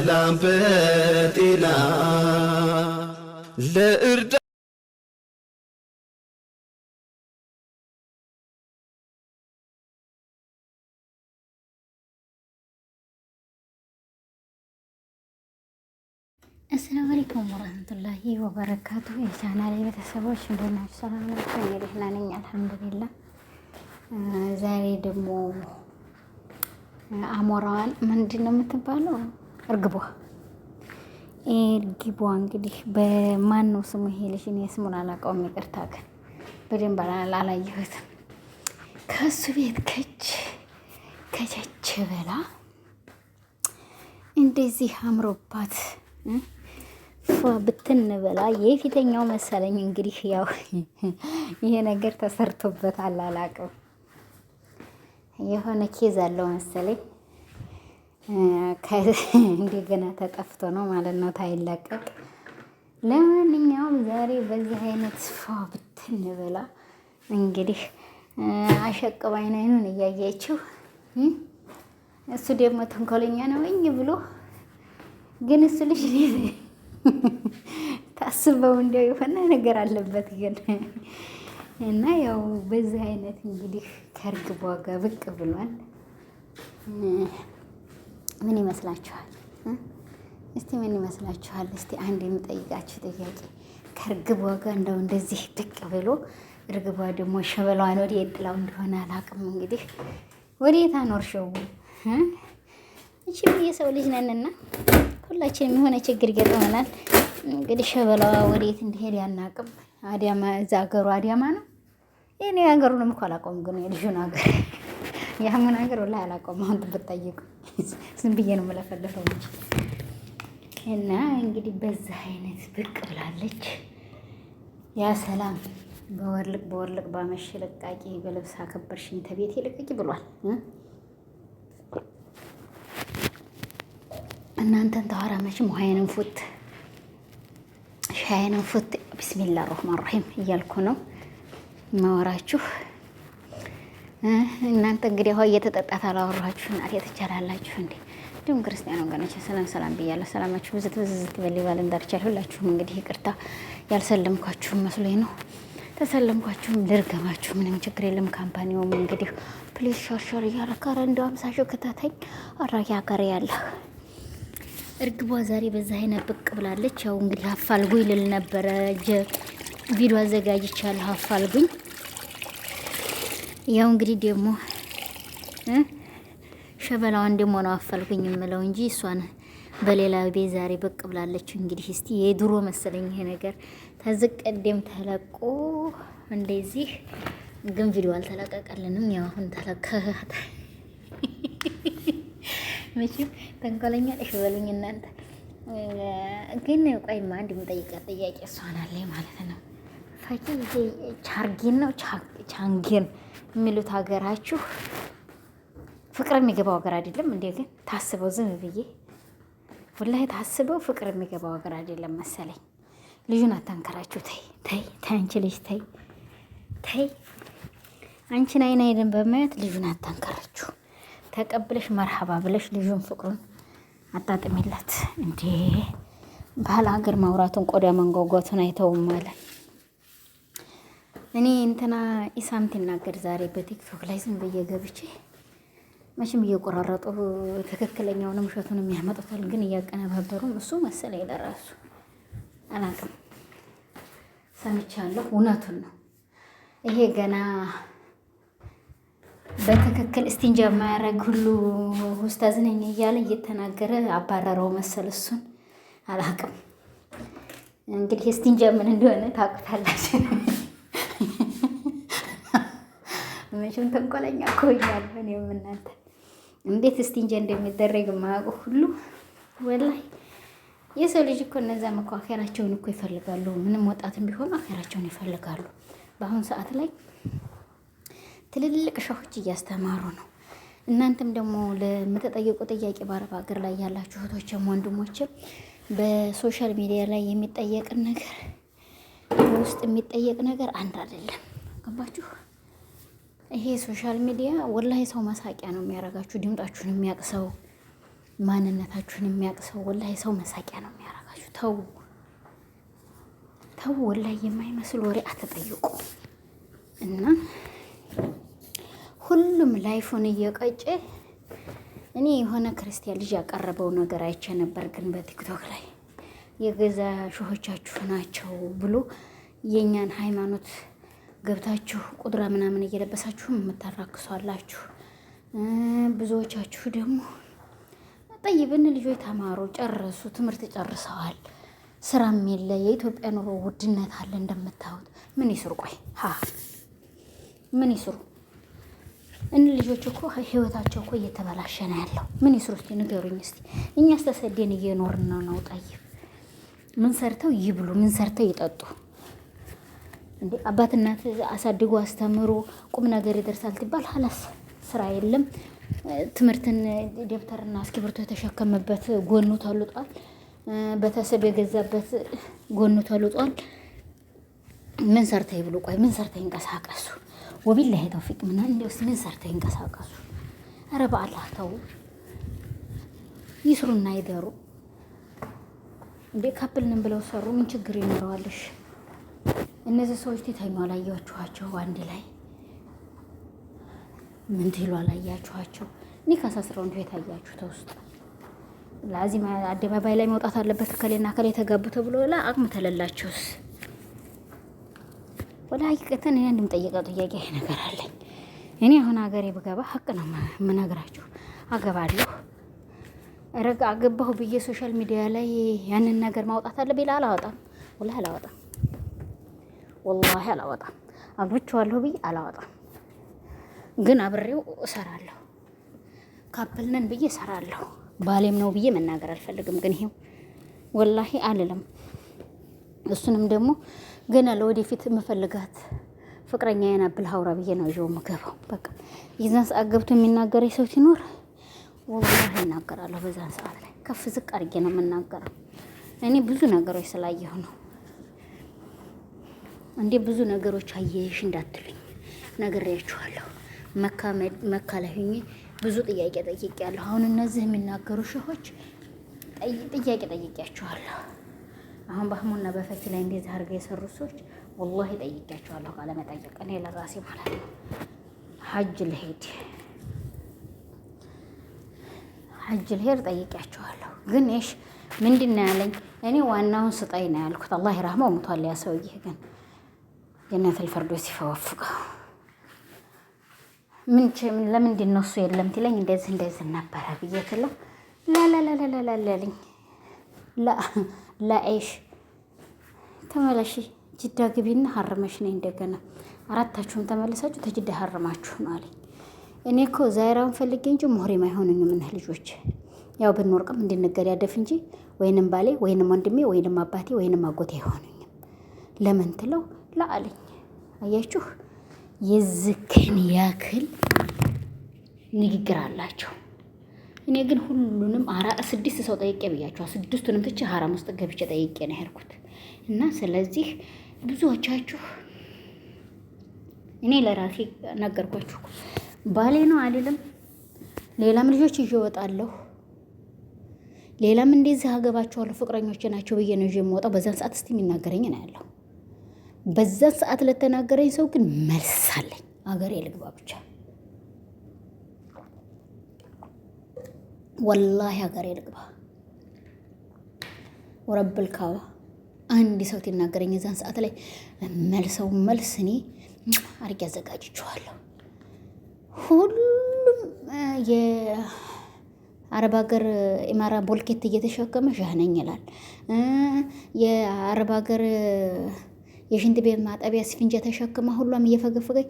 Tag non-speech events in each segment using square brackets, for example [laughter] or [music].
በሰላም በጤና ለእርዳ አሰላሙ አለይኩም ወረህመቱላሂ ወበረካቱ። የቻናሌ ቤተሰቦች እንደምን ናችሁ? ሰላም ናችሁ? እኔ ደህና ነኝ አልሐምዱሊላህ። ዛሬ ደግሞ አሞራዋን ምንድን ነው የምትባለው? እርግቧ እርግቧ እንግዲህ በማን ነው ስሙ? ይሄ ልጅ እኔ ስሙን አላውቀውም፣ ይቅርታ ግን በደንብ አላየሁትም። ከእሱ ቤት ከች ከቸች በላ እንደዚህ አምሮባት ብትን በላ የፊተኛው መሰለኝ እንግዲህ ያው [laughs] ይሄ ነገር ተሰርቶበታል። አላውቅም የሆነ ኬዝ አለው መሰለኝ እንደገና ተጠፍቶ ነው ማለት ነው ታይለቀቅ። ለማንኛውም ዛሬ በዚህ አይነት ፏ ብትን ብላ እንግዲህ አሸቅብ አይን አይኑን እያየችው እሱ ደግሞ ተንኮለኛ ነው እኝ ብሎ ግን እሱ ልጅ ታስበው እንዲያው የሆነ ነገር አለበት ግን እና ያው በዚህ አይነት እንግዲህ ከእርግቧ ጋር ብቅ ብሏል። ምን ይመስላችኋል? እስቲ ምን ይመስላችኋል? እስቲ አንድ የሚጠይቃችሁ ጥያቄ ከእርግብ ዋጋ እንደው እንደዚህ ድቅ ብሎ እርግቧ ደግሞ ሸበላዋን ወደ የጥላው እንደሆነ አላውቅም። እንግዲህ ወዴት አኖርሽው? እሺ የሰው ልጅ ነንና ሁላችንም የሆነ ችግር ገጥመናል። እንግዲህ ሸበላዋ ወዴት እንዲሄድ ያናቅም። አዲያማ እዛ ሀገሩ አዲያማ ነው። የኔ ሀገሩንም እኮ አላውቀውም፣ ግን የልጁን ሀገር የአሁን ነገር ወላሂ አላውቀውም። አሁን ብትጠይቁ ዝም ብዬ ነው የምለፈለፈው እንጂ እና እንግዲህ በዛ አይነት ብቅ ብላለች። ያ ሰላም በወርልቅ በወርልቅ ባመሽ ልቃቂ በልብስ አከበርሽኝ ተቤት የለቀቂ ብሏል። እናንተን ተዋራ መችም ውሃዬንም ፉት ሻዬንም ፉት ቢስሚላህ ረህማን ራሂም እያልኩ ነው ማወራችሁ። እናንተ እንግዲህ ውሃ እየተጠጣት አላወራችሁ እናቴ የተቻላላችሁ እንዴ? እንዲሁም ክርስቲያን ወገኖች ሰላም ሰላም ብያለሁ። ሰላማችሁ ብዝት ብዝት በል በሊባል እንዳርቻል ሁላችሁም እንግዲህ ይቅርታ ያልሰለምኳችሁም መስሎኝ ነው። ተሰለምኳችሁም ልርገማችሁ፣ ምንም ችግር የለም። ካምፓኒውም እንግዲህ ፕሊስ ሾርሾር እያረካረ እንደ አምሳሾ ክታተኝ አራኪ ሀገር ያለ እርግቧ ዛሬ በዛ አይነ ብቅ ብላለች። ያው እንግዲህ አፋልጉኝ ልል ነበረ ቪዲዮ አዘጋጅቻለሁ አፋልጉኝ ያው እንግዲህ ደግሞ ሸበላዋን ደግሞ ነው አፈልኩኝ የምለው እንጂ እሷን በሌላ ቤት ዛሬ በቅ ብላለች። እንግዲህ እስቲ የድሮ መሰለኝ ይሄ ነገር ተዝቀደም ተለቆ እንደዚህ ግን ቪዲዮ አልተለቀቀልንም። ያው አሁን ተለቀቀ። [laughs] መቼም ተንኮለኛ ነሽ በሉኝ እናንተ። ግን ቆይማ አንድ የምጠይቃት ጥያቄ እሷን አለኝ ማለት ነው። ፋቂ ይሄ ቻርጊን ነው ቻንጊን የሚሉት ሀገራችሁ ፍቅር የሚገባው ሀገር አይደለም እንዴ? ግን ታስበው ዝም ብዬ ወላሂ ታስበው ፍቅር የሚገባው ሀገር አይደለም መሰለኝ። ልጁን አታንከራችሁ። ተይ ተይ ተይ፣ አንቺ ልጅ ተይ ተይ፣ አንቺን አይን አይደን በማየት ልጁን አታንከራችሁ። ተቀብለሽ መርሃባ ብለሽ ልጁን ፍቅሩን አጣጥሚለት እንዴ። ባህል ሀገር ማውራቱን ቆዳ መንጓጓቱን አይተውም አለ። እኔ እንትና ኢሳም ትናገር ዛሬ በቲክቶክ ላይ ዝም ብዬ ገብቼ መቼም እየቆራረጡ ትክክለኛውንም ውሸቱን የሚያመጡታል፣ ግን እያቀነባበሩም እሱ መሰለኝ ለራሱ አላውቅም። ሰምቻለሁ፣ እውነቱን ነው። ይሄ ገና በትክክል እስቲንጃ የማያደርግ ሁሉ ውስታዝ ነኝ እያለ እየተናገረ አባረረው መሰል እሱን አላውቅም። እንግዲህ እስቲንጃ ምን እንደሆነ ታውቁታላችሁ። መቼም ተንኮለኛ ኮኛል ምን የምናንተ እንዴት እስቲንጀ እንደሚደረግ ማያውቁ ሁሉ ወላይ የሰው ልጅ እኮ እነዛም እኮ አኼራቸውን እኮ ይፈልጋሉ። ምንም ወጣትም ቢሆኑ አኼራቸውን ይፈልጋሉ። በአሁን ሰዓት ላይ ትልልቅ ሸሆች እያስተማሩ ነው። እናንተም ደግሞ ለምትጠየቁ ጥያቄ በአረብ ሀገር ላይ ያላችሁ እህቶችም ወንድሞችም በሶሻል ሚዲያ ላይ የሚጠየቅን ነገር በውስጥ የሚጠየቅ ነገር አንድ አይደለም። ገባችሁ? ይሄ ሶሻል ሚዲያ ወላሂ ሰው መሳቂያ ነው የሚያረጋችሁ። ድምጣችሁን የሚያቅሰው ሰው፣ ማንነታችሁን የሚያቅሰው ሰው ወላሂ ሰው መሳቂያ ነው የሚያረጋችሁ። ተው ተው፣ ወላሂ የማይመስል ወሬ አትጠይቁ እና ሁሉም ላይፉን እየቀጨ እኔ የሆነ ክርስቲያን ልጅ ያቀረበው ነገር አይቼ ነበር፣ ግን በቲክቶክ ላይ የገዛ ሾሆቻችሁ ናቸው ብሎ የእኛን ሃይማኖት ገብታችሁ ቁድራ ምናምን እየለበሳችሁ የምታራክሷላችሁ። ብዙዎቻችሁ ደግሞ ጠይብን ልጆች ተማሩ፣ ጨረሱ፣ ትምህርት ጨርሰዋል። ስራም የለ የኢትዮጵያ ኑሮ ውድነት አለ እንደምታዩት። ምን ይስሩ? ቆይ ምን ይስሩ? እን ልጆች እኮ ህይወታቸው እኮ እየተበላሸ ነው ያለው። ምን ይስሩ እስኪ ንገሩኝ እስኪ። እኛ ስተሰደን እየኖርን ነው። ጠይብ ምን ሰርተው ይብሉ? ምን ሰርተው ይጠጡ? እንዴ አባት እናት አሳድጎ አስተምሮ ቁም ነገር ይደርሳል ትባል ሀላስ ስራ የለም። ትምህርትን ደብተርና እስክሪብቶ የተሸከመበት ጎኑ ተልጧል። ቤተሰብ የገዛበት ጎኑ ተልጧል። ምን ሰርተ ይብሉ? ቆይ ምን ሰርተ ይንቀሳቀሱ? ወቢላ ተውፊቅ ምና እንዲውስ ምን ሰርተ ይንቀሳቀሱ? ኧረ በአላህ ተው፣ ይስሩና ይደሩ። እንዴ ካፕልንም ብለው ሰሩ ምን ችግር ይኖረዋልሽ? እነዚህ ሰዎች ተኙ አላያችኋቸው? አንድ ላይ ምን ትሉ አላያችኋቸው? እኔ ከሳስረው እንዲሁ የታያችሁት ውስጥ ለዚህ አደባባይ ላይ መውጣት አለበት ከሌና ከሌ የተጋቡ ተብሎ ላ አቅም ተለላችሁስ ወላ ሀቂቀትን እኔ እንደምጠይቀው ጥያቄ ነገር አለኝ። እኔ አሁን ሀገሬ ብገባ ሀቅ ነው የምነግራችሁ። አገባለሁ ረግ አገባሁ ብዬ ሶሻል ሚዲያ ላይ ያንን ነገር ማውጣት አለብኝ። አላወጣም፣ ወላ አላወጣም። ወላሂ አላወጣም። አብሮችዋለሁ ብዬ አላወጣም፣ ግን አብሬው እሰራለሁ። ካፕልነን ብዬ እሰራለሁ። ባሌም ነው ብዬ መናገር አልፈልግም፣ ግን ይሄው ወላሂ አልልም። እሱንም ደግሞ ገና ለወደፊት የምፈልጋት ፍቅረኛ የና ብል ሀውራ ብዬ ነው ይዤው የምገባው። በቃ የዛን ሰዓት ገብቶ የሚናገረ ሰው ሲኖር ወላሂ እናገራለሁ። በዛን ሰዓት ላይ ከፍ ዝቅ አድርጌ ነው የምናገረው። እኔ ብዙ ነገሮች ስላየሁ ነው እንዴ ብዙ ነገሮች አየሽ እንዳትሉኝ ነግሬያችኋለሁ። መካ ላይ ሆኜ ብዙ ጥያቄ ጠይቄያለሁ። አሁን እነዚህ የሚናገሩ ሸሆች ጥያቄ ጠይቄያችኋለሁ። አሁን በአህሙና በፈኪ ላይ እንደዚህ አድርገው የሰሩ ሰዎች ወላሂ ጠይቄያችኋለሁ። ቃለመጠየቅ እኔ ለራሴ ማለት ነው። ሐጅ ልሄድ ሐጅ ልሄድ ጠይቄያችኋለሁ። ግን ሽ ምንድን ነው ያለኝ እኔ ዋናውን ስጠኝ ነው ያልኩት። አላህ ይራህመው ሙቷል ያ ሰውዬ ግን ጀነቱል ፊርደውስ ሲፈወፍቀው ምን ለምንድን ነው እሱ የለም ትለኝ፣ እንደዚህ እንደዚህ ነበረ ብዬ ትለው ላለለለለለለኝ ለአይሽ ተመለሺ ጅዳ ግቢና ሀርመሽ ነኝ። እንደገና አራታችሁም ተመልሳችሁ ተጅዳ ሀርማችሁ ነው አለኝ። እኔ እኮ ዛይራውን ፈልጌ እንጂ ሞሪም አይሆኑኝም። እነህ ልጆች ያው ብንወርቅም ያደፍ እንጂ ወይንም ባሌ ወይንም ወንድሜ ወይንም አባቴ ወይንም አጎቴ አይሆንኝም ለምን ትለው ለአለኝ አያችሁ፣ የዝክን ያክል ንግግር አላቸው። እኔ ግን ሁሉንም አራ ስድስት ሰው ጠይቄ ብያችኋል። ስድስቱንም ትቼ ሀራም ውስጥ ገብቼ ጠይቄ ነው ያልኩት እና ስለዚህ ብዙዎቻችሁ እኔ ለራሴ ነገርኳችሁ። ባሌ ነው አልልም፣ ሌላም ልጆች ይዤ እወጣለሁ፣ ሌላም እንደዚህ አገባችኋለሁ፣ ፍቅረኞቼ ናቸው ብዬ ነው ይዤ የምወጣው። በዛን ሰዓት እስቲ የሚናገረኝ ነው ያለው በዛ ሰዓት ለተናገረኝ ሰው ግን መልስ አለኝ። አገሬ ልግባ ብቻ ወላሂ ሀገሬ ልግባ። ወረብል ካባ አንድ ሰው ትናገረኝ የዛን ሰዓት ላይ መልሰው መልስ እኔ አድርጌ አዘጋጅችኋለሁ። ሁሉም የአረብ ሀገር ኢማራ ቦልኬት እየተሸከመ ሻህነኝ ይላል። የአረብ ሀገር የሽንት ቤት ማጠቢያ ስፊንጃ ተሸክማ ሁሏም እየፈገፈገች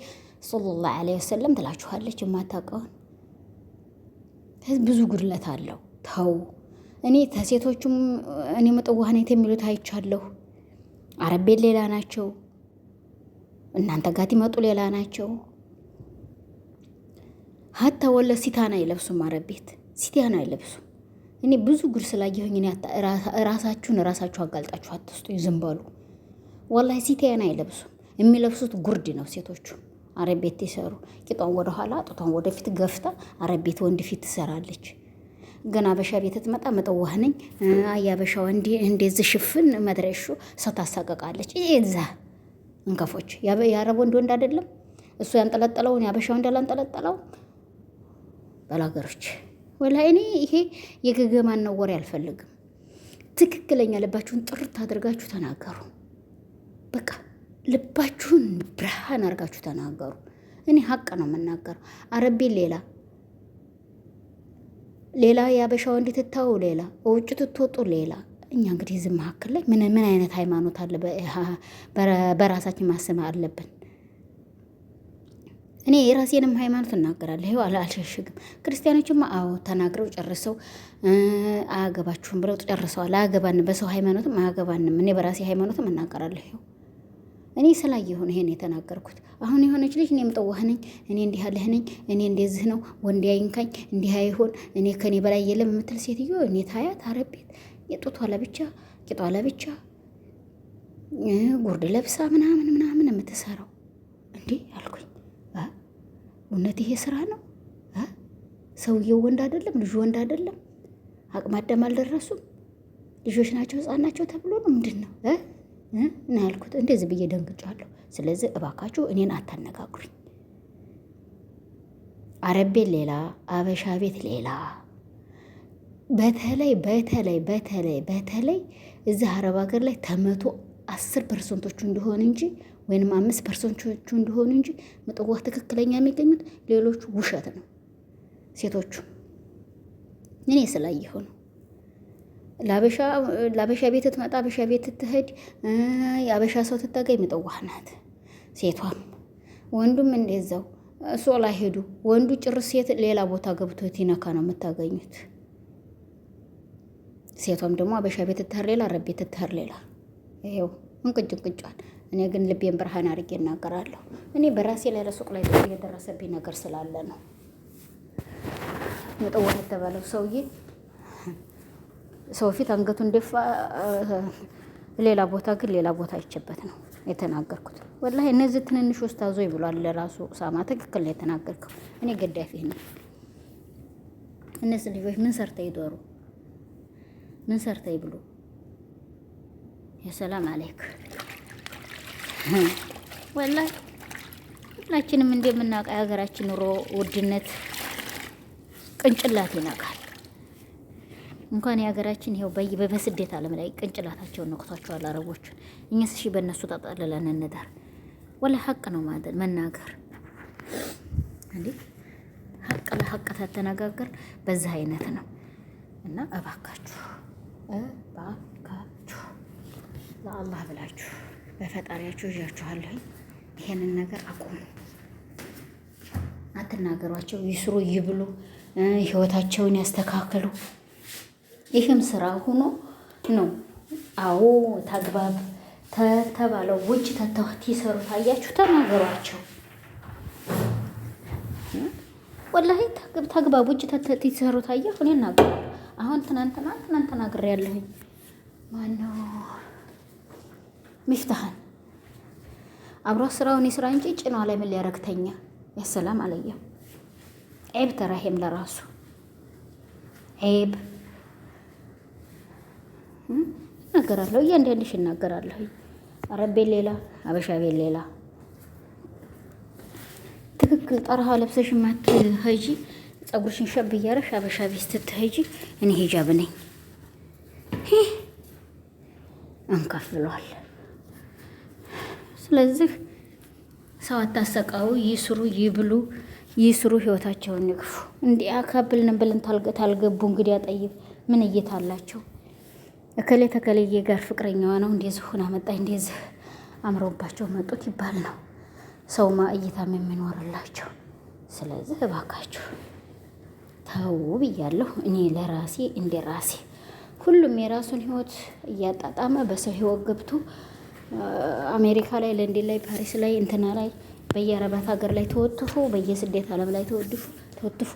ሰለላሁ ዐለይሂ ወሰለም ትላችኋለች። የማታውቀውን ብዙ ጉድለት አለው። ተው እኔ ተሴቶቹም እኔ መጠዋህ የሚሉት አይቻለሁ። አረብ ሌላ ናቸው፣ እናንተ ጋት ይመጡ ሌላ ናቸው። ሀታ ወለ ሲታን አይለብሱም፣ አረቤት ሲቲያን አይለብሱም። እኔ ብዙ ጉድ ስላየሁኝ ራሳችሁን ራሳችሁ አጋልጣችሁ አትስጡ፣ ዝም በሉ። ወላሂ ሲቴን አይለብሱም። የሚለብሱት ጉርድ ነው ሴቶቹ። አረብ ቤት ይሰሩ ቂጧን ወደኋላ ጡቷን ወደፊት ገፍታ አረብ ቤት ወንድ ፊት ትሰራለች። ግን አበሻ ቤት ትመጣ መጠዋህ ነኝ አያበሻ ወንድ እንደዚህ ሽፍን መድረሹ ሰው ታሳቀቃለች። ይዛ እንከፎች የአረብ ወንድ ወንድ አይደለም እሱ ያንጠለጠለውን የአበሻ ወንድ አላንጠለጠለው በላገሮች ወላሂ እኔ ይሄ የገገማን ነው ወሬ አልፈልግም። ትክክለኛ ልባችሁን ጥርት አድርጋችሁ ተናገሩ። ልባችሁን ብርሃን አድርጋችሁ ተናገሩ። እኔ ሀቅ ነው የምናገረው። አረቤን ሌላ ሌላ የአበሻ ወንድ ትታው ሌላ ውጭ ትትወጡ ሌላ እኛ እንግዲህ እዚህ መካከል ላይ ምን ምን አይነት ሃይማኖት አለ? በራሳችን ማሰብ አለብን። እኔ የራሴንም ሃይማኖት እናገራለሁ። ይኸው አልሸሽግም። ክርስቲያኖችማ አዎ ተናግረው ጨርሰው አያገባችሁም ብለው ጨርሰዋል። አያገባንም። በሰው ሃይማኖትም አያገባንም። እኔ በራሴ ሃይማኖትም እናገራለሁ። እኔ ስላየሁ ነው ይሄን የተናገርኩት። አሁን የሆነች ልጅ እኔም ጠዋህ ነኝ፣ እኔ እንዲህ ያለህ ነኝ፣ እኔ እንደዚህ ነው፣ ወንድ አይንካኝ፣ እንዲህ አይሆን፣ እኔ ከኔ በላይ የለም የምትል ሴትዮ እኔ ታያት አረቤት የጡቷ ለብቻ ቂጧ ለብቻ ጉርድ ለብሳ ምናምን ምናምን የምትሰራው እንዴ አልኩኝ። እውነት ይሄ ስራ ነው? ሰውየው ወንድ አይደለም፣ ልጁ ወንድ አይደለም፣ አቅመ አዳም አልደረሱም፣ ልጆች ናቸው፣ ህፃን ናቸው ተብሎ ነው ምንድን ነው? እና ያልኩት እንደዚህ ብዬ ደንግጫለሁ። ስለዚህ እባካችሁ እኔን አታነጋግሩኝ። አረብ ሌላ፣ አበሻ ቤት ሌላ። በተለይ በተለይ በተለይ በተለይ እዚህ አረብ ሀገር ላይ ተመቶ አስር ፐርሰንቶቹ እንደሆን እንጂ ወይንም አምስት ፐርሰንቶቹ እንደሆኑ እንጂ ምጥዋት ትክክለኛ የሚገኙት ሌሎቹ ውሸት ነው። ሴቶቹ እኔ ስላየሁ ነው። ለአበሻ ቤት ትመጣ፣ አበሻ ቤት ትሄድ፣ የአበሻ ሰው ትታገኝ። ምጥዋህ ናት ሴቷም ወንዱም እንደዛው። ሶላ ሄዱ ወንዱ ጭርስ ሴት ሌላ ቦታ ገብቶ ይነካ ነው የምታገኙት። ሴቷም ደግሞ አበሻ ቤት ትህር ሌላ፣ አረብ ቤት ትትህር ሌላ። ይኸው እንቅጭ እንቅጫል። እኔ ግን ልቤን ብርሃን አድርጌ እናገራለሁ። እኔ በራሴ ላይ ለሱቅ ላይ የደረሰብኝ ነገር ስላለ ነው። ምጥዋህ የተባለው ሰውዬ ሰው ፊት አንገቱን ደፋ፣ ሌላ ቦታ ግን ሌላ ቦታ አይቼበት ነው የተናገርኩት። ወላሂ እነዚህ ትንንሽ ውስታዞ ይብሏል ለራሱ ሳማ ትክክል ነው የተናገርከው። እኔ ገዳፊ ነው። እነዚህ ልጆች ምን ሰርተ ይጦሩ? ምን ሰርተ ይብሉ? የሰላም አለይክ ወላ ሁላችንም እንደምናውቀው የሀገራችን ኑሮ ውድነት ቅንጭላት ይነካል። እንኳን የሀገራችን ይኸው በይ በስደት ዓለም ላይ ቅንጭላታቸውን ነቅቷቸዋል አላረቦችን እኛስ እሺ በእነሱ ተጠልለን እንዳር ወላ ሀቅ ነው ማለት መናገር እንዴ ሀቅ ለሀቅ ተተነጋገር በዛ አይነት ነው እና እባካችሁ እባካችሁ ለአላህ ብላችሁ በፈጣሪያችሁ እዣችኋለሁኝ ይሄንን ነገር አቁሙ። አትናገሯቸው፣ ይስሩ፣ ይብሉ፣ ህይወታቸውን ያስተካክሉ። ይህም ስራ ሆኖ ነው። አዎ ተግባብ ተተባለው ውጭ ተተዋት ይሰሩ ታያችሁ፣ ተናገሯቸው። ወላሂ ተግባብ ውጭ ተተት ይሰሩ ታያ እኔ እናገር አሁን ትናንትና ትናንት ተናግሬ ያለሁኝ ማነው ሚፍታህን አብሮ ስራውን የስራ እንጂ ጭኗ ላይ ምን ሊያረግተኛ ያሰላም አለየም ዔብ ተራሄም ለራሱ ዔብ እናገራለሁ። እያንዳንድሽ እናገራለሁ። አረቤ ሌላ፣ አበሻ ቤት ሌላ። ትክክል ጠርሃ ለብሰሽ ማትሄጂ ፀጉርሽን ሸብ እያረሽ አበሻ ቤት ስትሄጂ እኔ ሂጃብ ነኝ እንከፍሏል። ስለዚህ ሰው አታሰቃው። ይስሩ፣ ይብሉ፣ ይስሩ፣ ህይወታቸውን ይግፉ። እንዲያ ካብልን ብልን ታልገቡ እንግዲህ አጠይብ ምን እይታላቸው? እከሌ ተከለየ ጋር ፍቅረኛዋ ነው እንደዚህ ሆና መጣ እንደዚህ አምሮባቸው መጡት ይባል ነው ሰውማ እይታም የሚኖርላቸው። ስለዚህ እባካችሁ ተው ብያለሁ። እኔ ለራሴ እንደ ራሴ ሁሉም የራሱን ህይወት እያጣጣመ በሰው ህይወት ገብቶ አሜሪካ ላይ፣ ለንደን ላይ፣ ፓሪስ ላይ፣ እንትና ላይ በየአረባት ሀገር ላይ ተወትፎ በየስደት ዓለም ላይ ተወትፎ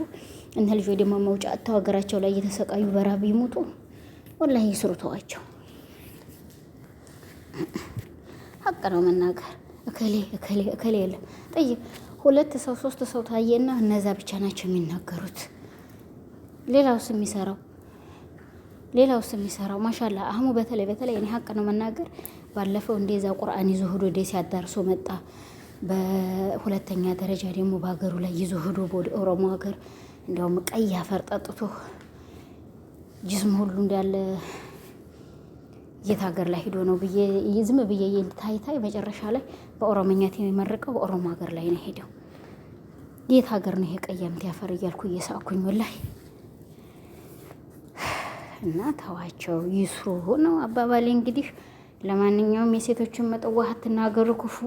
እነ ልጆ ደግሞ መውጫ አጥተው ሀገራቸው ላይ እየተሰቃዩ በራብ ይሙጡ። ወላሂ ስሩ ተዋቸው። ሀቅ ነው መናገር። እከሌ እከሌ እከሌ የለም ጠይቅ። ሁለት ሰው ሶስት ሰው ታየና እነዛ ብቻ ናቸው የሚናገሩት። ሌላውስ የሚሰራው ሌላውስ የሚሰራው ማሻላ አህሙ በተለይ በተለይ እኔ ሀቅ ነው መናገር። ባለፈው እንደዛ ቁርአን ይዞ ሂዶ ደሴ አዳርሶ መጣ። በሁለተኛ ደረጃ ደግሞ በሀገሩ ላይ ይዞ ሂዶ ኦሮሞ ሀገር እንዲያውም ቀይ አፈር ጠጥቶ ጅስም ሁሉ እንዳለ የት ሀገር ላይ ሂዶ ነው ብዬ ዝም ብዬ የልታይታይ መጨረሻ ላይ በኦሮመኛ የመረቀው በኦሮሞ ሀገር ላይ ነው ሄደው። የት ሀገር ነው ይሄ ቀያምት ያፈር እያልኩ እየሳኩኝ ላይ እና ተዋቸው ይስሩ ነው አባባሌ እንግዲህ። ለማንኛውም የሴቶችን መጠዋህ አትናገሩ ክፉ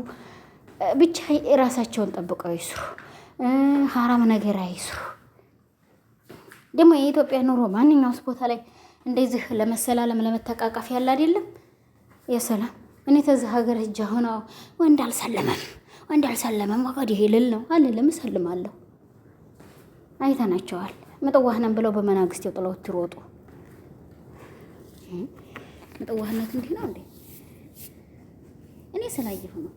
ብቻ፣ ራሳቸውን ጠብቀው ይስሩ፣ ሀራም ነገር አይስሩ። ደግሞ የኢትዮጵያ ኑሮ ማንኛውስ ቦታ ላይ እንደዚህ ለመሰላለም ለመተቃቀፍ ያለ አይደለም። የሰላም እኔ ተዚህ ሀገር እጃ ሆነ ወንድ አልሰለመም ወንድ አልሰለመም ወገድ ይሄልል ነው አልልም፣ እሰልማለሁ። አይተናቸዋል። ምጥዋህነን ብለው በመናግስት የጥለውት ትሮጡ ምጥዋህነት እንዲህ ነው እንዴ? እኔ ስላየሁ ነው።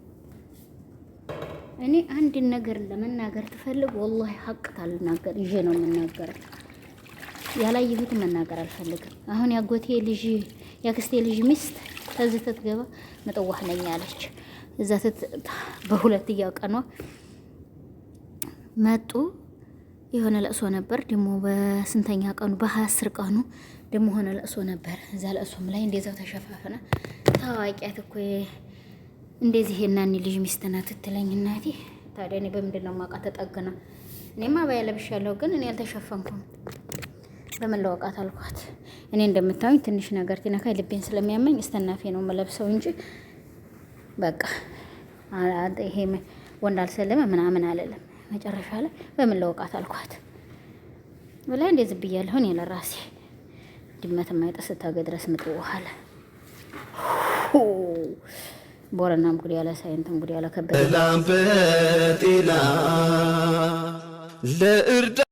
እኔ አንድን ነገር ለመናገር ትፈልግ ወላሂ ሀቅ ታልናገር ይዤ ነው የምናገረው። ያላየሁትን መናገር አልፈልግም። አሁን ያጎቴ ልጅ ያክስቴ ልጅ ሚስት ከዚህ ትትገባ መጠዋህ ነኝ አለች። እዛ በሁለት እያቀኗ መጡ። የሆነ ለእሶ ነበር ደሞ በስንተኛ ቀኑ በአስር ቀኑ ደሞ ሆነ ለእሶ ነበር። እዛ ለእሶም ላይ እንደዛው ተሸፋፍና ታዋቂያት እኮ እንደዚህ የናኒ ልጅ ሚስት ናት ትለኝ እናቴ። ታዲያ እኔ በምንድን ነው ማውቃት? ተጠግና እኔማ ባያለብሻለሁ ግን እኔ አልተሸፈንኩም። ለምን ለወቃት አልኳት። እኔ እንደምታዩኝ ትንሽ ነገር ቲነካ ልቤን ስለሚያመኝ እስተናፌ ነው መለብሰው እንጂ በቃ ይሄ ወንድ አልሰለመ ምናምን አለለም። መጨረሻ ላይ በምን ለወቃት አልኳት ብላ እንዴ ዝብ እኔ የለራሴ ድመት ማይጠስ ስታገኝ ድረስ ምጥ ውሃለ ቦረናም ጉድ ያለ ሳይንትም ጉድ ያለ ከበደ ላምበጤና ለእርዳ